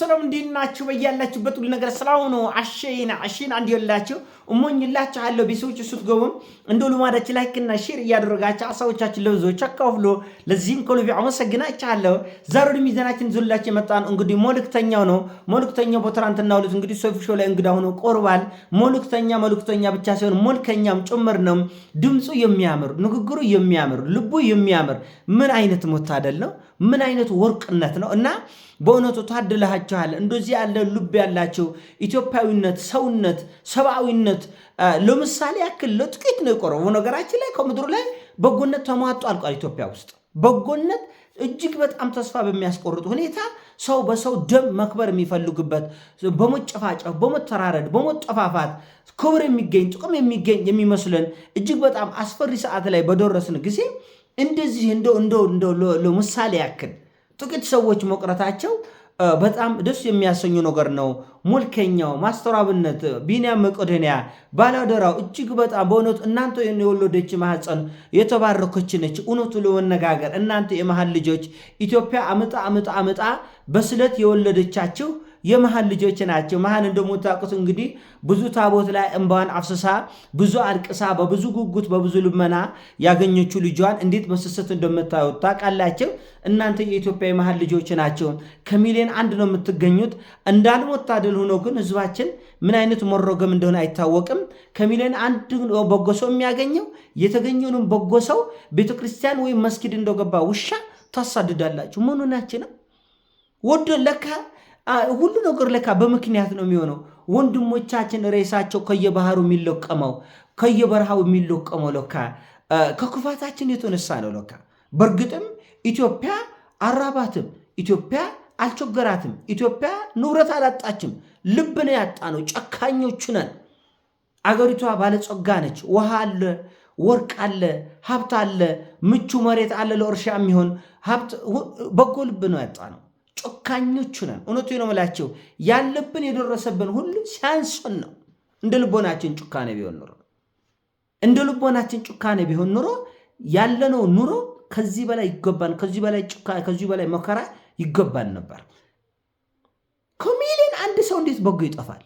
ሰላም እንዴት ናችሁ? በያላችሁበት ሁሉ ነገር ስራው ነው። አሸይና አሸይና እንዲላችሁ እሞኝላችኋለሁ። ቤተሰቦች ስትገቡም እንደ ልማዳችሁ ላይክ እና ሼር እያደረጋችሁ ሀሳቦቻችን ለብዙዎች አካፍሉ። ለዚህም ከልብ አመሰግናችኋለሁ። ዛሬ ወደ ሚዛናችን ዙላችሁ የመጣን እንግዲህ መልእክተኛው ነው። መልእክተኛው በትናንትናው ዕለት እንግዲህ ሶፊ ሾው ላይ እንግዳ ሆኖ ቆርባል። መልእክተኛ መልእክተኛ ብቻ ሳይሆን መልከኛም ጭምር ነው። ድምፁ የሚያምር ንግግሩ የሚያምር ልቡ የሚያምር ምን አይነት መታደል ነው! ምን አይነት ወርቅነት ነው እና በእውነቱ ታድላችኋል። እንደዚህ ያለ ልብ ያላቸው ኢትዮጵያዊነት፣ ሰውነት፣ ሰብአዊነት ለምሳሌ ያክል ለጥቂት ነው የቆረው። ነገራችን ላይ ከምድሩ ላይ በጎነት ተሟጦ አልቋል። ኢትዮጵያ ውስጥ በጎነት እጅግ በጣም ተስፋ በሚያስቆርጥ ሁኔታ ሰው በሰው ደም መክበር የሚፈልጉበት በመጨፋጨፍ፣ በመተራረድ፣ በመጠፋፋት ክብር የሚገኝ ጥቅም የሚገኝ የሚመስለን እጅግ በጣም አስፈሪ ሰዓት ላይ በደረስን ጊዜ እንደዚህ እንደው እንደው ለምሳሌ ያክል ጥቂት ሰዎች መቅረታቸው በጣም ደስ የሚያሰኙ ነገር ነው። ሙልከኛው ማስተራብነት ቢንያም መቄዶንያ ባላደራው እጅግ በጣም በእውነቱ እናንተ የወለደች ማህፀን የተባረከች ነች። እውነቱ ለመነጋገር እናንተ የመሃል ልጆች ኢትዮጵያ አምጣ አምጣ አምጣ በስለት የወለደቻችሁ የመሃል ልጆች ናቸው። መሀን እንደምታውቁት እንግዲህ ብዙ ታቦት ላይ እንባዋን አፍስሳ ብዙ አልቅሳ በብዙ ጉጉት በብዙ ልመና ያገኘችው ልጇን እንዴት በስስት እንደምታዩት ታውቃላችሁ። እናንተ የኢትዮጵያ የመሃል ልጆች ናቸው። ከሚሊዮን አንድ ነው የምትገኙት። እንዳልመታደል ሆኖ ግን ህዝባችን ምን አይነት መሮገም እንደሆነ አይታወቅም። ከሚሊዮን አንድ በጎ ሰው የሚያገኘው የተገኘውንም በጎ ሰው ቤተክርስቲያን ወይም መስጊድ እንደገባ ውሻ ታሳድዳላችሁ። ምኑናችን ወዶ ለካ ሁሉ ነገር ለካ በምክንያት ነው የሚሆነው። ወንድሞቻችን ሬሳቸው ከየባህሩ የሚለቀመው ከየበረሃው የሚለቀመው ለካ ከክፋታችን የተነሳ ነው ለካ። በእርግጥም ኢትዮጵያ አራባትም፣ ኢትዮጵያ አልቸገራትም፣ ኢትዮጵያ ንብረት አላጣችም። ልብን ያጣ ነው፣ ጨካኞቹ ነን። አገሪቷ ባለጸጋ ነች። ውሃ አለ፣ ወርቅ አለ፣ ሀብት አለ፣ ምቹ መሬት አለ፣ ለእርሻ የሚሆን ሀብት። በጎ ልብ ነው ያጣ ነው። ጮካኞቹ ነን። እውነቱ ነው የምላቸው ያለብን የደረሰብን ሁሉ ሲያንሱን ነው። እንደ ልቦናችን ጭካኔ ቢሆን ኑሮ እንደ ልቦናችን ጭካኔ ቢሆን ኑሮ ያለነው ኑሮ ከዚህ በላይ ይገባን፣ ከዚህ በላይ ጩካ ከዚህ በላይ መከራ ይገባን ነበር። ከሚሊዮን አንድ ሰው እንዴት በጎ ይጠፋል?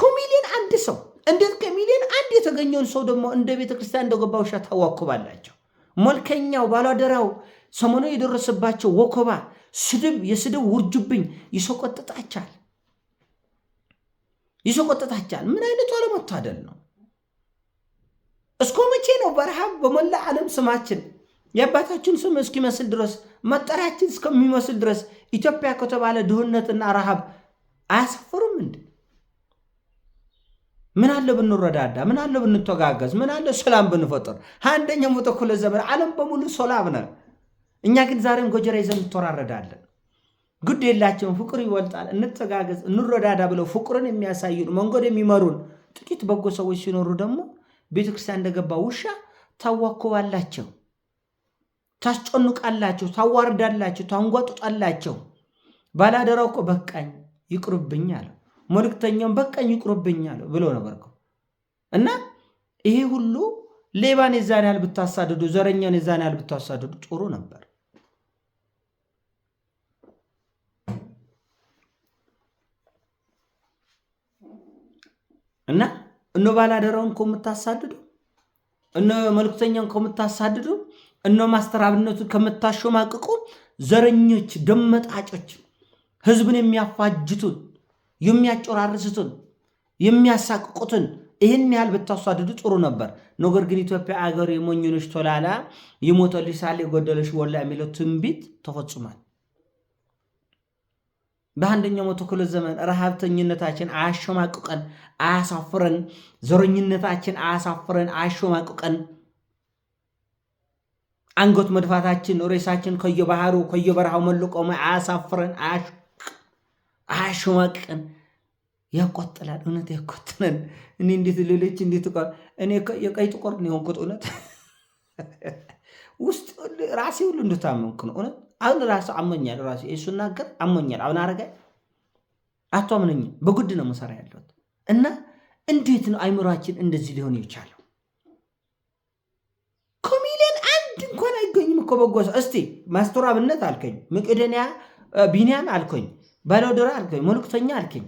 ከሚሊዮን አንድ ሰው እንዴት ከሚሊዮን አንድ የተገኘውን ሰው ደግሞ እንደ ቤተ ክርስቲያን እንደገባ ውሻ ታዋኩባላቸው። መልከኛው ባሏደራው ሰሞኑ የደረሰባቸው ወኮባ? ስድብ፣ የስድብ ውርጅብኝ ይሰቆጥጣቻል ይሰቆጥጣቻል። ምን አይነቱ አለመታደል ነው? እስከ መቼ ነው በረሃብ በሞላ ዓለም ስማችን የአባታችን ስም እስኪመስል ድረስ መጠሪያችን እስከሚመስል ድረስ ኢትዮጵያ ከተባለ ድህነትና ረሃብ አያሳፍርም እንዴ? ምን አለ ብንረዳዳ? ምን አለ ብንተጋገዝ? ምን አለ ሰላም ብንፈጥር? አንደኛው መቶ ክፍለ ዘመን ዓለም በሙሉ ሰላም ነው። እኛ ግን ዛሬም ጎጀራ ይዘን እንተራረዳለን። ግድ የላቸውም። ፍቅር ይወልጣል። እንተጋገዝ፣ እንረዳዳ ብለው ፍቅርን የሚያሳዩን መንገድ የሚመሩን ጥቂት በጎ ሰዎች ሲኖሩ ደግሞ ቤተክርስቲያን እንደገባ ውሻ ታዋኩባላቸው፣ ታስጨንቃላቸው፣ ታዋርዳላቸው፣ ታንጓጡጣላቸው። ባላደራው እኮ በቃኝ ይቅርብኝ አለ። መልክተኛውም በቃኝ ይቅርብኝ አለ ብሎ ነበር እና ይሄ ሁሉ ሌባን የዛን ያህል ብታሳድዱ፣ ዘረኛን የዛን ያህል ብታሳድዱ ጥሩ ነበር። እና እነ ባላደራውን የምታሳድዱ እነ መልክተኛን ከምታሳድዱ እነ ማስተር አብነቱን ከምታሸማቅቁ ዘረኞች፣ ደመጣጮች፣ ህዝብን የሚያፋጅቱን፣ የሚያጨራርሱትን፣ የሚያሳቅቁትን ይህን ያህል ብታሳድዱ ጥሩ ነበር። ነገር ግን ኢትዮጵያ አገር የሞኝኖች ቶላላ ይሞተልሽ ሳል የጎደለሽ ወላ የሚለው ትንቢት ተፈጽሟል። በአንደኛው መቶ ክፍለ ዘመን ረሃብተኝነታችን አያሸማቅቀን፣ አያሳፍረን። ዘረኝነታችን አያሳፍረን፣ አያሸማቅቀን። አንገት መድፋታችን ሬሳችን ከየባህሩ ከየበረሃው መልቆም አያሳፍረን፣ አያሸማቅቀን። ያቆጥላል። እውነት ያቆጥላል። እኔ እንዴት ሌሎች እንዴት እኔ የቀይ ጥቁር ነው የሆንኩት እውነት ውስጥ ራሴ ሁሉ እንደታመምኩ ነው እውነት አሁን ራሱ አሞኛል። ራሱ እሱ ናገር አሞኛል። አሁን አረጋ አቷምነኝ በጉድ ነው መሰራ ያለሁት እና እንዴት ነው አይምሯችን እንደዚህ ሊሆን የቻለው? ኮሚሊየን አንድ እንኳን አይገኝም እኮ በጎ ሰው። እስቲ ማስተራብነት አልከኝ፣ መቄዶንያ ቢንያም አልኮኝ፣ ባለወደራ አልከኝ፣ መልክተኛ አልከኝ።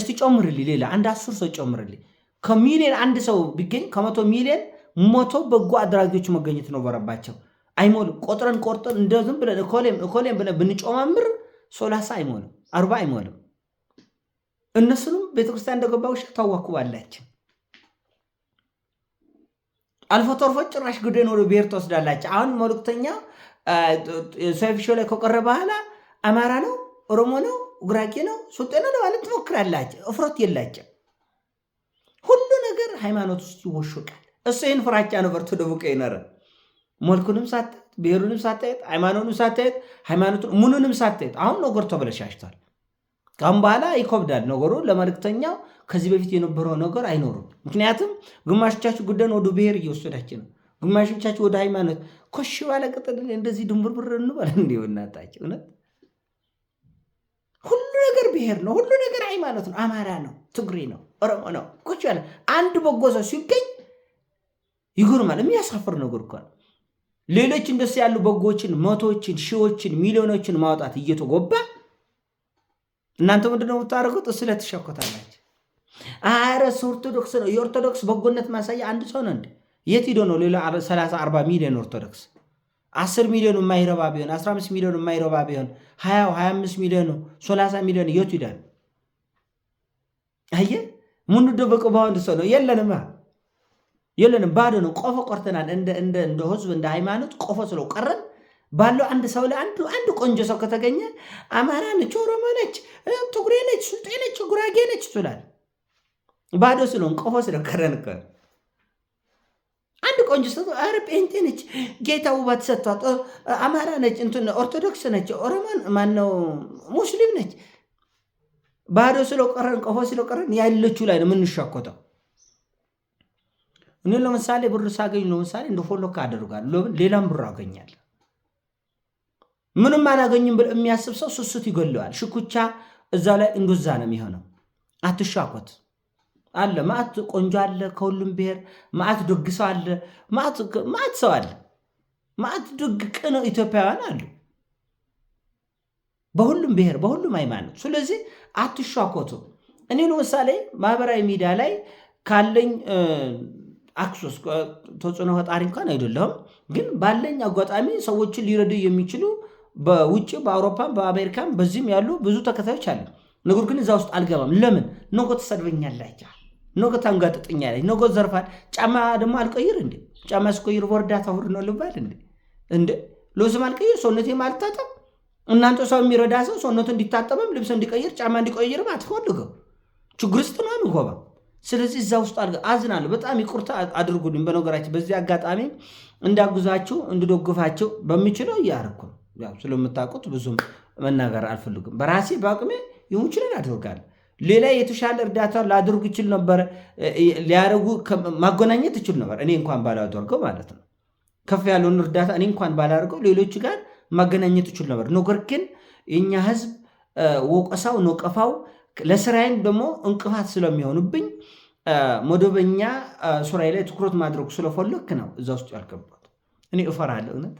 እስቲ ጨምርልኝ፣ ሌላ አንድ አስር ሰው ጨምርልኝ። ከሚሊዮን አንድ ሰው ቢገኝ ከመቶ ሚሊዮን መቶ በጎ አድራጊዎች መገኘት ነበረባቸው። አይሞልም። ቆጥረን ቆርጠን እንደ ዝም ብለን እኮሌም እኮሌም ብለን ብንጮማምር ሶላሳ አይሞልም፣ አርባ አይሞልም። እነሱንም ቤተክርስቲያን እንደገባ ውሻ ታዋኩባላችሁ። አልፎ ተርፎ ጭራሽ ጉዳይን ወደ ብሔር ትወስዳላችሁ። አሁን መልክተኛ ሰፊሾ ላይ ከቀረ በኋላ አማራ ነው፣ ኦሮሞ ነው፣ ጉራጌ ነው፣ ሱልጤና ነው ለማለት ትሞክራላችሁ። እፍረት የላቸው። ሁሉ ነገር ሃይማኖት ውስጥ ይወሾቃል። እሱ ይህን ፍራቻ ነበር ትደብቀ ይኖረ መልኩንም ሳታየት ብሔሩንም ሳታየት ሃይማኖቱን ሳታየት ሃይማኖቱን ምኑንም ሳታየት አሁን ነገሩ ተበለሻሽቷል። ካሁን በኋላ ይከብዳል ነገሩ ለመልክተኛው ከዚህ በፊት የነበረው ነገር አይኖርም። ምክንያቱም ግማሾቻችሁ ጉዳይን ወደ ብሔር እየወሰዳችሁ ነው፣ ግማሾቻችሁ ወደ ሃይማኖት ኮሽ ባለ ቅጥል እንደዚህ ድንብርብር እንበል እንዲሆናታቸው እውነት ሁሉ ነገር ብሔር ነው፣ ሁሉ ነገር ሃይማኖት ነው። አማራ ነው፣ ትግሪ ነው፣ ኦሮሞ ነው። ኮች ያለ አንድ በጎ ሰው ሲገኝ ይጉርማል። የሚያሳፍር ነገር እኮ ነው። ሌሎች እንደሱ ያሉ በጎችን መቶችን፣ ሺዎችን፣ ሚሊዮኖችን ማውጣት እየተጎባ እናንተ ምንድነው የምታደርጉት? እሱ ላይ ትሸኮታላችሁ። አረ ኦርቶዶክስ ነው። የኦርቶዶክስ በጎነት ማሳያ አንድ ሰው ነው እንዴ? የት ሂዶ ነው ሌላ 30 40 ሚሊዮን ኦርቶዶክስ 10 ሚሊዮን የማይረባ ቢሆን 15 ሚሊዮን የማይረባ ቢሆን 20 25 ሚሊዮን 30 ሚሊዮን የት ይዳል? አየ ምንድን ደበቀ በአንድ ሰው ነው የለንም የለንም ባዶ ነው። ቆፎ ቆርተናል። እንደ ህዝብ እንደ ሃይማኖት ቆፎ ስለው ቀረን ባለው አንድ ሰው ላይ አንዱ አንድ ቆንጆ ሰው ከተገኘ አማራ ነች፣ ኦሮሞ ነች፣ ትጉሬ ነች፣ ስልጤ ነች፣ ጉራጌ ነች ትላል። ባዶ ስለሆን ቆፎ ስለቀረን እኮ አንድ ቆንጆ ሰው አረ ጴንጤ ነች፣ ጌታ ውባት ሰጥቷት፣ አማራ ነች፣ እንትን ኦርቶዶክስ ነች፣ ኦሮሞን ማነው ሙስሊም ነች። ባዶ ቀረን፣ ቆፎ ቀረን። ያለችው ላይ ነው የምንሻኮተው። እኔ ለምሳሌ ብር ሳገኝ ለምሳሌ እንደ ፎሎክ አደርጋለሁ፣ ሌላም ብር አገኛል። ምንም አላገኝም ብል የሚያስብ ሰው ስስት ይገለዋል። ሽኩቻ እዛ ላይ እንደዛ ነው የሚሆነው። አትሻኮት አለ ማአት ቆንጆ አለ፣ ከሁሉም ብሔር ማአት ደግ ሰው አለ፣ ማአት ሰው አለ፣ ማአት ደግ ቅን ኢትዮጵያውያን አሉ፣ በሁሉም ብሔር በሁሉም ሃይማኖት። ስለዚህ አትሻኮቱ። እኔ ለምሳሌ ማህበራዊ ሚዲያ ላይ ካለኝ አክሱስ ተጽዕኖ ፈጣሪ እንኳን አይደለሁም፣ ግን ባለኝ አጋጣሚ ሰዎችን ሊረዱ የሚችሉ በውጭ በአውሮፓም በአሜሪካም በዚህም ያሉ ብዙ ተከታዮች አለ። ነገር ግን እዛ ውስጥ አልገባም። ለምን ነገ ትሰድበኛላችሁ? ነገ ታንጋጥጠኛለች፣ ነገ ዘርፋል። ጫማ ደግሞ አልቀይር እንዴ? ጫማ ስቆይር በእርዳታ ሁድ ነው ልባል እንዴ? እንዴ ልብስም አልቀይር ሰውነቴም አልታጠብ። እናንተ ሰው የሚረዳ ሰው ሰውነቱ እንዲታጠብም ልብስ እንዲቀይር ጫማ እንዲቀይርም አትፈልገው። ችግር ውስጥ ነው የሚገባ ስለዚህ እዛ ውስጥ አድርገ አዝናለሁ። በጣም ይቁርታ አድርጉልኝ። በነገራችን በዚህ አጋጣሚ እንዳጉዛችሁ እንድደግፋቸው በሚችለው እያደረኩ ነው። ስለምታውቁት ብዙም መናገር አልፈልግም። በራሴ በአቅሜ የሆንችንን አድርጋል። ሌላ የተሻለ እርዳታ ላደርግ ይችል ነበር፣ ሊያደርጉ ማገናኘት ይችል ነበር። እኔ እንኳን ባላደርገው ማለት ነው። ከፍ ያለውን እርዳታ እኔ እንኳን ባላደርገው ሌሎች ጋር ማገናኘት ይችል ነበር። ነገር ግን የእኛ ህዝብ ወቀሳው፣ ነቀፋው ለስራዬም ደግሞ እንቅፋት ስለሚሆኑብኝ መደበኛ ስራዬ ላይ ትኩረት ማድረግ ስለፈለክ ነው እዛ ውስጥ ያልከባት። እኔ እፈራለሁ። እውነት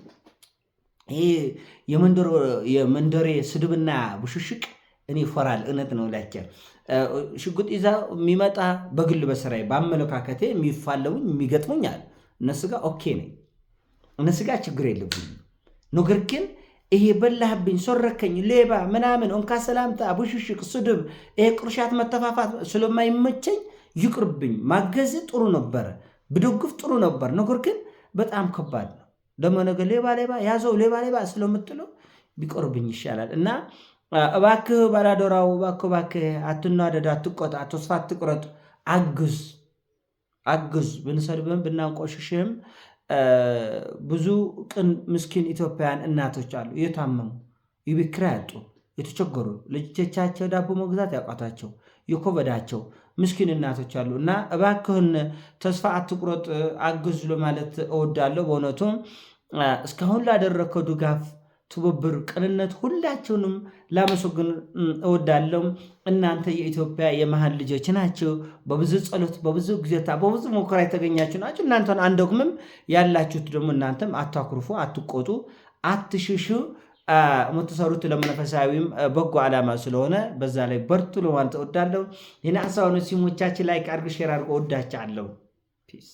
ይህ የመንደሬ ስድብና ብሽሽቅ እኔ እፈራለሁ። እውነት ነው ላቸ ሽጉጥ ይዛ የሚመጣ በግል በስራዬ በአመለካከቴ የሚፋለሙኝ የሚገጥሙኝ አለ። እነሱ ጋር ኦኬ ነኝ፣ እነሱ ጋር ችግር የለብኝም። ነገር ግን ይሄ በላህብኝ፣ ሰረከኝ፣ ሌባ ምናምን፣ እንካ ሰላምታ፣ ብሽሽቅ፣ ስድብ፣ ይሄ ቁርሻት መተፋፋት ስለማይመቸኝ ይቅርብኝ። ማገዝ ጥሩ ነበረ፣ ብደግፍ ጥሩ ነበር። ነገር ግን በጣም ከባድ ነው። ለመነገ ሌባ ሌባ ያዘው ሌባ ሌባ ስለምትሉ ቢቆርብኝ ይሻላል እና እባክህ ባላደራው እባክህ እባክህ አትናደድ፣ አትቆጣ፣ ተስፋ አትቁረጥ፣ አግዝ አግዝ ብንሰድብም ብናንቆሽሽም ብዙ ቅን ምስኪን ኢትዮጵያውያን እናቶች አሉ፣ እየታመሙ ይብክራ ያጡ፣ የተቸገሩ ልጆቻቸው ዳቦ መግዛት ያውቃታቸው የኮበዳቸው ምስኪን እናቶች አሉ። እና እባክህን ተስፋ አትቁረጥ፣ አግዝ ለማለት እወዳለሁ። በእውነቱም እስካሁን ላደረከው ድጋፍ ትብብር፣ ቅንነት ሁላችሁንም ላመሰግን እወዳለሁ። እናንተ የኢትዮጵያ የመሀል ልጆች ናቸው። በብዙ ጸሎት፣ በብዙ ጊዜታ፣ በብዙ ሞከራ የተገኛችሁ ናቸው። እናንተን አንደግምም ያላችሁት ደግሞ እናንተም አታኩርፉ፣ አትቆጡ፣ አትሽሹ። የምትሰሩት ለመንፈሳዊም በጎ ዓላማ ስለሆነ በዛ ላይ በርቱ ለማለት እወዳለሁ። ይህን አሳሆነ ሲሞቻችን ላይ ቀርግ ሼር አድርጎ እወዳችኋለሁ። ፒስ